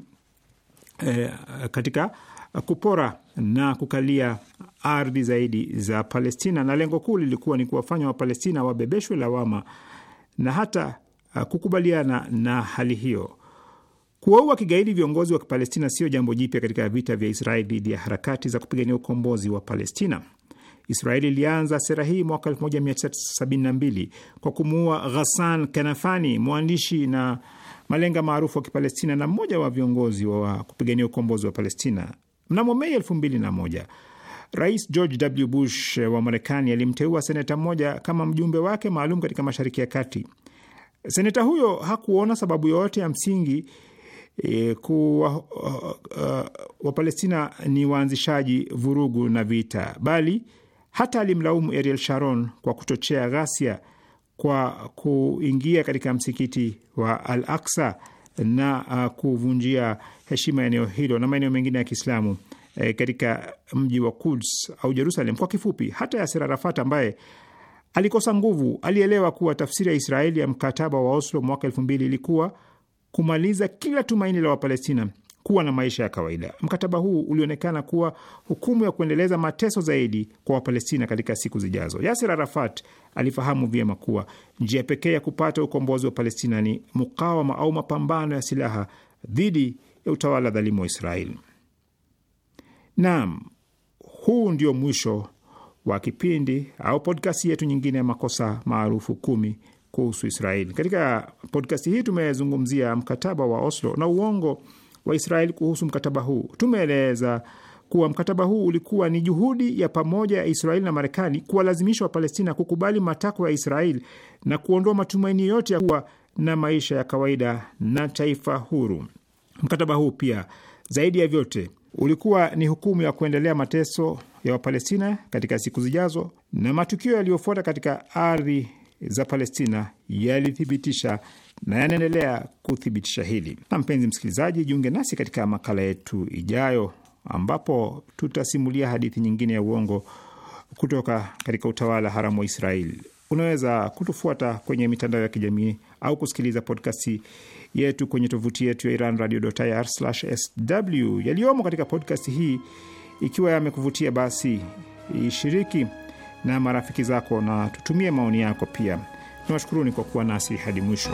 eh, katika kupora na kukalia ardhi zaidi za Palestina, na lengo kuu lilikuwa ni kuwafanya Wapalestina wabebeshwe lawama na hata uh, kukubaliana na hali hiyo. Kuwaua kigaidi viongozi wa Kipalestina sio jambo jipya katika vita vya Israeli dhidi ya harakati za kupigania ukombozi wa Palestina. Israeli ilianza sera hii mwaka 1972 kwa kumuua Ghassan Kanafani, mwandishi na malenga maarufu wa Kipalestina na mmoja wa viongozi wa kupigania ukombozi wa Palestina. Mnamo Mei 2001 Rais George W. Bush eh, wa Marekani alimteua seneta mmoja kama mjumbe wake maalum katika Mashariki ya Kati. Seneta huyo hakuona sababu yoyote ya msingi e, kuwa uh, eh, uh, Wapalestina ni waanzishaji vurugu na vita, bali hata alimlaumu Ariel Sharon kwa kuchochea ghasia kwa kuingia katika msikiti wa Al Aksa na uh, kuvunjia heshima eneo hilo na maeneo mengine ya Kiislamu e, katika mji wa Kuds au Jerusalem kwa kifupi. Hata Yasir Arafat ambaye alikosa nguvu alielewa kuwa tafsiri ya Israeli ya mkataba wa Oslo mwaka elfu mbili ilikuwa kumaliza kila tumaini la Wapalestina kuwa na maisha ya kawaida. Mkataba huu ulionekana kuwa hukumu ya kuendeleza mateso zaidi kwa Wapalestina katika siku zijazo. Yasir Arafat alifahamu vyema kuwa njia pekee ya kupata ukombozi wa Palestina ni mukawama au mapambano ya silaha dhidi ya utawala dhalimu wa Israeli. Naam, huu ndio mwisho wa kipindi au podkasti yetu nyingine ya makosa maarufu kumi kuhusu Israeli. Katika podkasti hii tumezungumzia mkataba wa Oslo na uongo wa Israeli kuhusu mkataba huu. Tumeeleza kuwa mkataba huu ulikuwa ni juhudi ya pamoja ya Israeli na Marekani kuwalazimisha Wapalestina kukubali matakwa ya Israeli na kuondoa matumaini yote ya kuwa na maisha ya kawaida na taifa huru. Mkataba huu pia, zaidi ya vyote, ulikuwa ni hukumu ya kuendelea mateso ya Wapalestina katika siku zijazo, na matukio yaliyofuata katika ardhi za Palestina yalithibitisha na yanaendelea kuthibitisha hili. Na mpenzi msikilizaji, jiunge nasi katika makala yetu ijayo, ambapo tutasimulia hadithi nyingine ya uongo kutoka katika utawala haramu wa Israeli. Unaweza kutufuata kwenye mitandao ya kijamii au kusikiliza podkasti yetu kwenye tovuti yetu ya iranradio.ir/sw. Yaliyomo katika podcast hii, ikiwa yamekuvutia, basi ishiriki na marafiki zako na tutumie maoni yako pia. Tunawashukuruni kwa kuwa nasi hadi mwisho.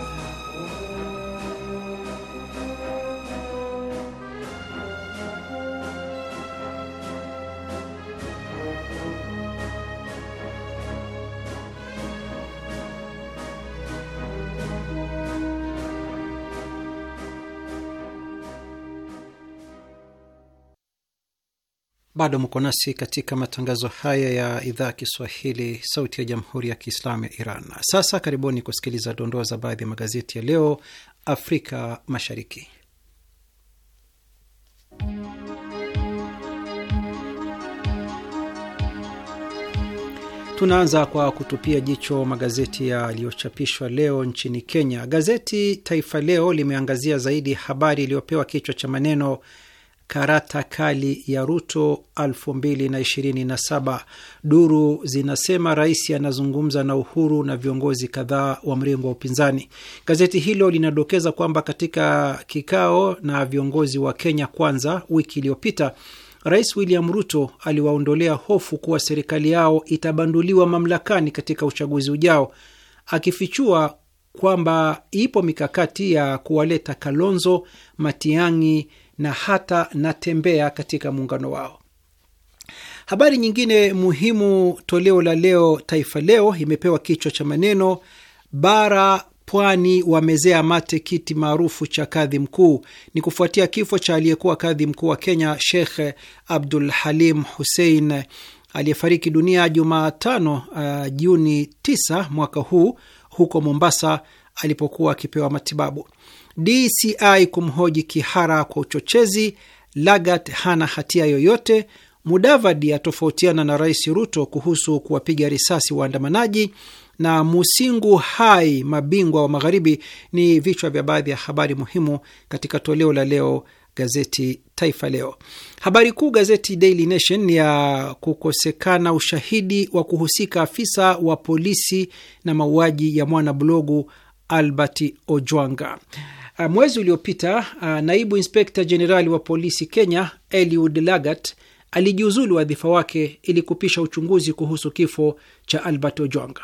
Bado mko nasi katika matangazo haya ya idhaa ya Kiswahili, sauti ya jamhuri ya kiislamu ya Iran. Sasa karibuni kusikiliza dondoo za baadhi ya magazeti ya leo Afrika Mashariki. Tunaanza kwa kutupia jicho magazeti yaliyochapishwa leo nchini Kenya. Gazeti Taifa Leo limeangazia zaidi habari iliyopewa kichwa cha maneno karata kali ya Ruto 2027. Duru zinasema rais anazungumza na Uhuru na viongozi kadhaa wa mrengo wa upinzani. Gazeti hilo linadokeza kwamba katika kikao na viongozi wa Kenya Kwanza wiki iliyopita, Rais William Ruto aliwaondolea hofu kuwa serikali yao itabanduliwa mamlakani katika uchaguzi ujao, akifichua kwamba ipo mikakati ya kuwaleta Kalonzo, Matiang'i na hata natembea katika muungano wao. Habari nyingine muhimu toleo la leo Taifa Leo imepewa kichwa cha maneno bara pwani wamezea mate kiti maarufu cha kadhi mkuu. Ni kufuatia kifo cha aliyekuwa kadhi mkuu wa Kenya Sheikh Abdul Halim Hussein aliyefariki dunia Jumatano uh, Juni 9 mwaka huu huko Mombasa alipokuwa akipewa matibabu. DCI kumhoji Kihara kwa uchochezi, Lagat hana hatia yoyote, Mudavadi atofautiana na Rais Ruto kuhusu kuwapiga risasi waandamanaji na Musingu Hai mabingwa wa magharibi ni vichwa vya baadhi ya habari muhimu katika toleo la leo gazeti Taifa Leo. Habari kuu gazeti Daily Nation ni ya kukosekana ushahidi wa kuhusika afisa wa polisi na mauaji ya mwana blogu Albert Ojwanga. Uh, mwezi uliopita, uh, naibu inspekta jenerali wa polisi Kenya Eliud Lagat alijiuzulu wadhifa wake ili kupisha uchunguzi kuhusu kifo cha Albert Ojwanga.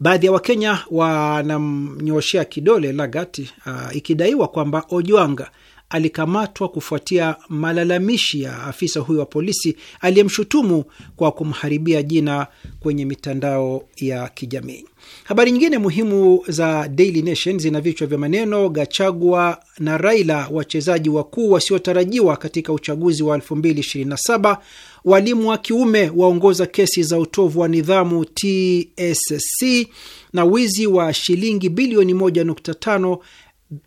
Baadhi ya Wakenya wanamnyoshea kidole Lagat, uh, ikidaiwa kwamba Ojwanga alikamatwa kufuatia malalamishi ya afisa huyo wa polisi aliyemshutumu kwa kumharibia jina kwenye mitandao ya kijamii. Habari nyingine muhimu za Daily Nation zina vichwa vya maneno: Gachagua na Raila wachezaji wakuu wasiotarajiwa katika uchaguzi wa 2027; walimu wa kiume waongoza kesi za utovu wa nidhamu TSC; na wizi wa shilingi bilioni 1.5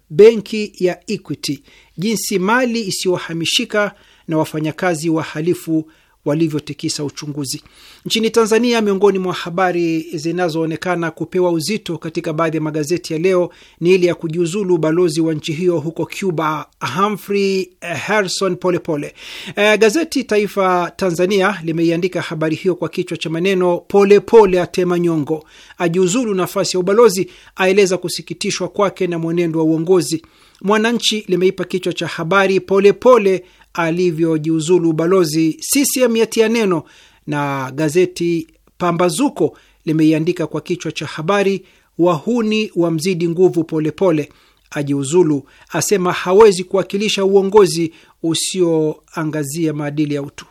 benki ya Equity, jinsi mali isiyohamishika na wafanyakazi wahalifu walivyotikisa uchunguzi nchini Tanzania. Miongoni mwa habari zinazoonekana kupewa uzito katika baadhi ya magazeti ya leo ni ile ya kujiuzulu balozi wa nchi hiyo huko Cuba, Humphrey Harrison Polepole. E, gazeti Taifa Tanzania limeiandika habari hiyo kwa kichwa cha maneno Polepole atema nyongo, ajiuzulu nafasi ya ubalozi, aeleza kusikitishwa kwake na mwenendo wa uongozi. Mwananchi limeipa kichwa cha habari Polepole alivyojiuzulu ubalozi, CCM yatia neno, na gazeti Pambazuko limeiandika kwa kichwa cha habari, wahuni wamzidi nguvu Polepole ajiuzulu, asema hawezi kuwakilisha uongozi usioangazia maadili ya utu.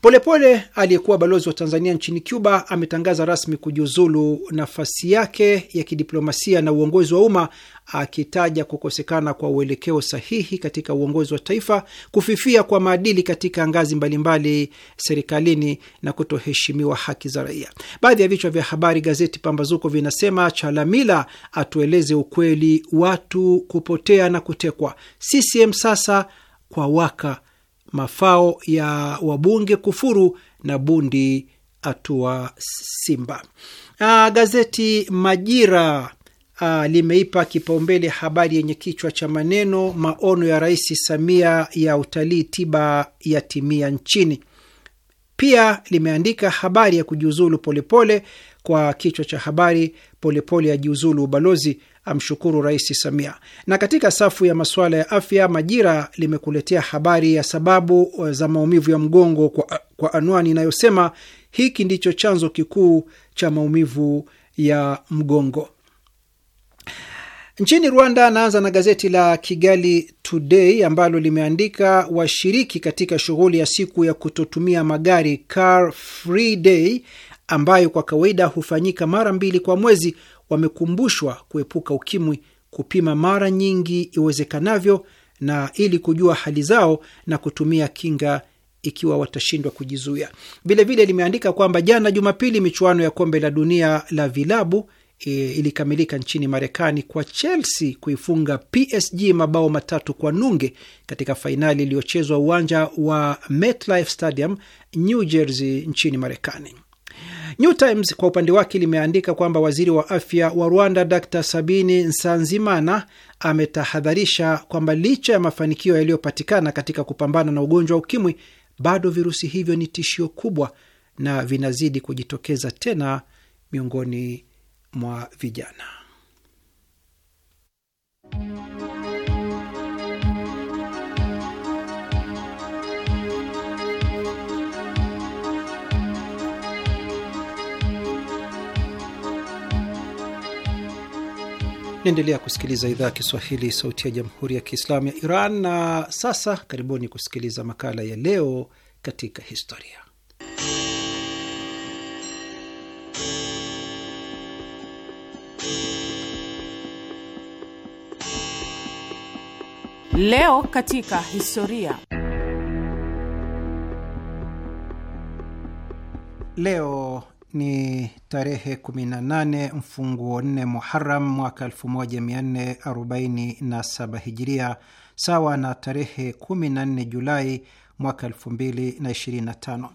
Polepole aliyekuwa balozi wa Tanzania nchini Cuba ametangaza rasmi kujiuzulu nafasi yake ya kidiplomasia na uongozi wa umma akitaja kukosekana kwa uelekeo sahihi katika uongozi wa taifa, kufifia kwa maadili katika ngazi mbalimbali serikalini na kutoheshimiwa haki za raia. Baadhi ya vichwa vya habari gazeti Pambazuko vinasema: Chalamila atueleze ukweli, watu kupotea na kutekwa, CCM sasa kwa waka mafao ya wabunge kufuru na bundi atua Simba. Aa, ah, gazeti Majira aa, ah, limeipa kipaumbele habari yenye kichwa cha maneno maono ya Rais Samia ya utalii tiba ya timia nchini. Pia limeandika habari ya kujiuzulu Polepole kwa kichwa cha habari Polepole ajiuzulu ubalozi amshukuru Rais Samia. Na katika safu ya masuala ya afya, Majira limekuletea habari ya sababu za maumivu ya mgongo kwa, kwa anwani inayosema hiki ndicho chanzo kikuu cha maumivu ya mgongo. Nchini Rwanda, anaanza na gazeti la Kigali Today ambalo limeandika washiriki katika shughuli ya siku ya kutotumia magari Car Free Day ambayo kwa kawaida hufanyika mara mbili kwa mwezi wamekumbushwa kuepuka ukimwi, kupima mara nyingi iwezekanavyo, na ili kujua hali zao na kutumia kinga ikiwa watashindwa kujizuia. Vilevile limeandika kwamba jana Jumapili, michuano ya kombe la dunia la vilabu e, ilikamilika nchini Marekani kwa Chelsea kuifunga PSG mabao matatu kwa nunge katika fainali iliyochezwa uwanja wa MetLife Stadium, New Jersey nchini Marekani. New Times kwa upande wake limeandika kwamba waziri wa afya wa Rwanda Dr Sabini Nsanzimana ametahadharisha kwamba licha ya mafanikio yaliyopatikana katika kupambana na ugonjwa wa ukimwi, bado virusi hivyo ni tishio kubwa na vinazidi kujitokeza tena miongoni mwa vijana. Naendelea kusikiliza idhaa ya Kiswahili, sauti ya jamhuri ya kiislamu ya Iran. Na sasa karibuni kusikiliza makala ya leo katika historia. Leo katika historia. Leo ni tarehe 18 mfunguo 4 Muharam mwaka 1447 Hijiria, sawa na tarehe 14 Julai mwaka 2025.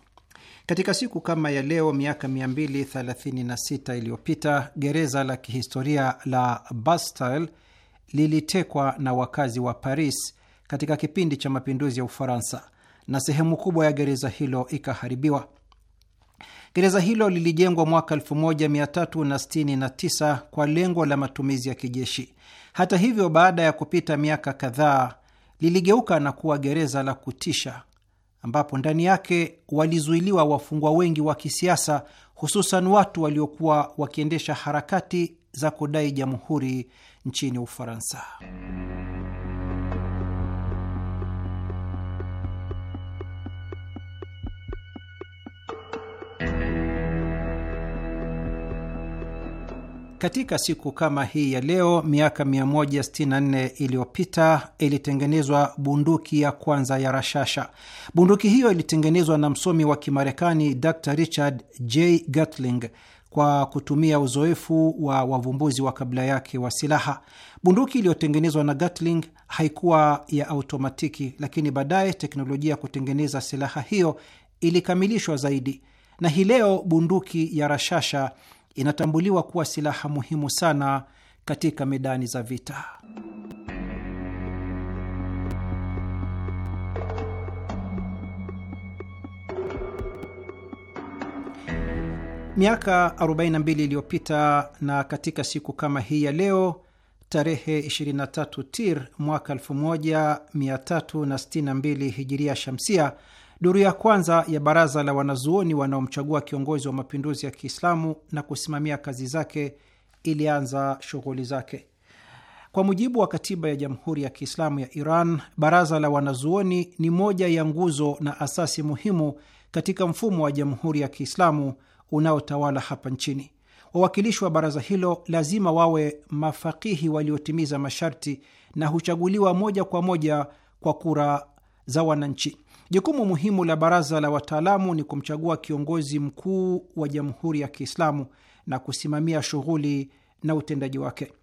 Katika siku kama ya leo miaka 236 iliyopita gereza la kihistoria la Bastille lilitekwa na wakazi wa Paris katika kipindi cha mapinduzi ya Ufaransa na sehemu kubwa ya gereza hilo ikaharibiwa. Gereza hilo lilijengwa mwaka 1369 kwa lengo la matumizi ya kijeshi. Hata hivyo, baada ya kupita miaka kadhaa, liligeuka na kuwa gereza la kutisha ambapo ndani yake walizuiliwa wafungwa wengi wa kisiasa, hususan watu waliokuwa wakiendesha harakati za kudai jamhuri nchini Ufaransa. Katika siku kama hii ya leo miaka 164 iliyopita ilitengenezwa bunduki ya kwanza ya rashasha. Bunduki hiyo ilitengenezwa na msomi wa Kimarekani Dr Richard J Gatling kwa kutumia uzoefu wa wavumbuzi wa kabla yake wa silaha. Bunduki iliyotengenezwa na Gatling haikuwa ya automatiki, lakini baadaye teknolojia ya kutengeneza silaha hiyo ilikamilishwa zaidi, na hii leo bunduki ya rashasha inatambuliwa kuwa silaha muhimu sana katika medani za vita. Miaka 42 iliyopita na katika siku kama hii ya leo tarehe 23 Tir mwaka 1362 hijiria shamsia Duru ya kwanza ya baraza la wanazuoni wanaomchagua kiongozi wa mapinduzi ya Kiislamu na kusimamia kazi zake ilianza shughuli zake. Kwa mujibu wa katiba ya Jamhuri ya Kiislamu ya Iran, baraza la wanazuoni ni moja ya nguzo na asasi muhimu katika mfumo wa Jamhuri ya Kiislamu unaotawala hapa nchini. Wawakilishi wa baraza hilo lazima wawe mafakihi waliotimiza masharti na huchaguliwa moja kwa moja kwa kura za wananchi. Jukumu muhimu la baraza la wataalamu ni kumchagua kiongozi mkuu wa jamhuri ya Kiislamu na kusimamia shughuli na utendaji wake.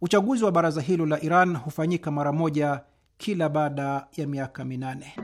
Uchaguzi wa baraza hilo la Iran hufanyika mara moja kila baada ya miaka minane.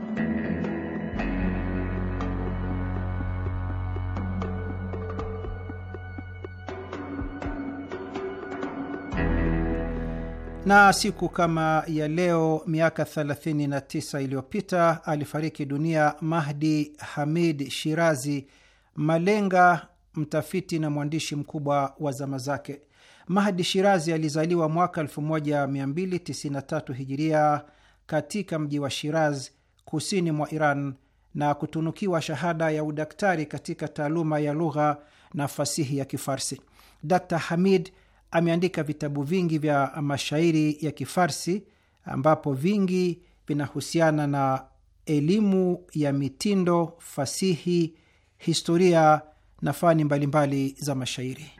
na siku kama ya leo miaka 39 iliyopita alifariki dunia Mahdi Hamid Shirazi, malenga, mtafiti na mwandishi mkubwa wa zama zake. Mahdi Shirazi alizaliwa mwaka 1293 hijiria katika mji wa Shiraz, kusini mwa Iran, na kutunukiwa shahada ya udaktari katika taaluma ya lugha na fasihi ya Kifarsi. Dr Hamid ameandika vitabu vingi vya mashairi ya Kifarsi ambapo vingi vinahusiana na elimu ya mitindo, fasihi, historia na fani mbalimbali za mashairi.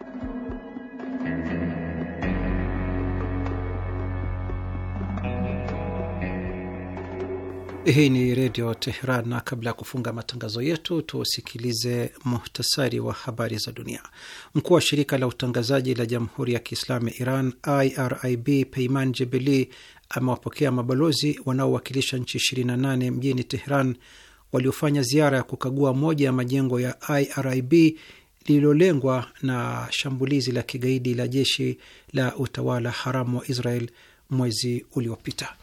Hii ni Redio Teheran, na kabla ya kufunga matangazo yetu tusikilize muhtasari wa habari za dunia. Mkuu wa shirika la utangazaji la Jamhuri ya Kiislamu ya Iran, IRIB, Peiman Jebeli amewapokea mabalozi wanaowakilisha nchi 28 mjini Teheran waliofanya ziara ya kukagua moja ya majengo ya IRIB lililolengwa na shambulizi la kigaidi la jeshi la utawala haramu wa Israel mwezi uliopita.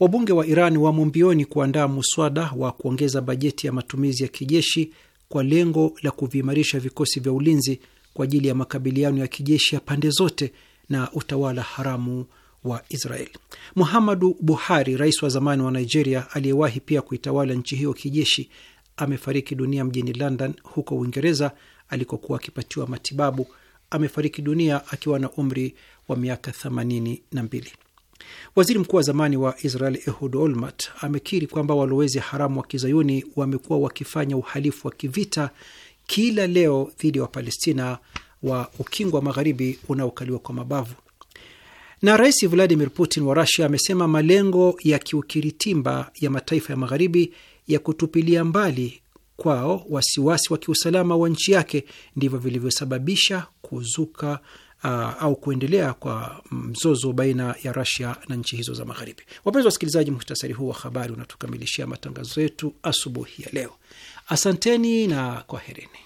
Wabunge wa Iran wamo mbioni kuandaa muswada wa kuongeza bajeti ya matumizi ya kijeshi kwa lengo la kuviimarisha vikosi vya ulinzi kwa ajili ya makabiliano ya kijeshi ya pande zote na utawala haramu wa Israel. Muhammadu Buhari, rais wa zamani wa Nigeria aliyewahi pia kuitawala nchi hiyo kijeshi, amefariki dunia mjini London huko Uingereza alikokuwa akipatiwa matibabu. Amefariki dunia akiwa na umri wa miaka mbili. Waziri mkuu wa zamani wa Israel Ehud Olmert amekiri kwamba walowezi haramu wa kizayuni wamekuwa wakifanya uhalifu wa kivita kila leo dhidi ya wa Wapalestina wa ukingo wa magharibi unaokaliwa kwa mabavu. Na Rais Vladimir Putin wa Rusia amesema malengo ya kiukiritimba ya mataifa ya magharibi ya kutupilia mbali kwao wasiwasi wa kiusalama wa nchi yake ndivyo vilivyosababisha kuzuka uh, au kuendelea kwa mzozo baina ya Russia na nchi hizo za magharibi. Wapenzi wasikilizaji, muhtasari huu wa habari unatukamilishia matangazo yetu asubuhi ya leo. Asanteni na kwaherini.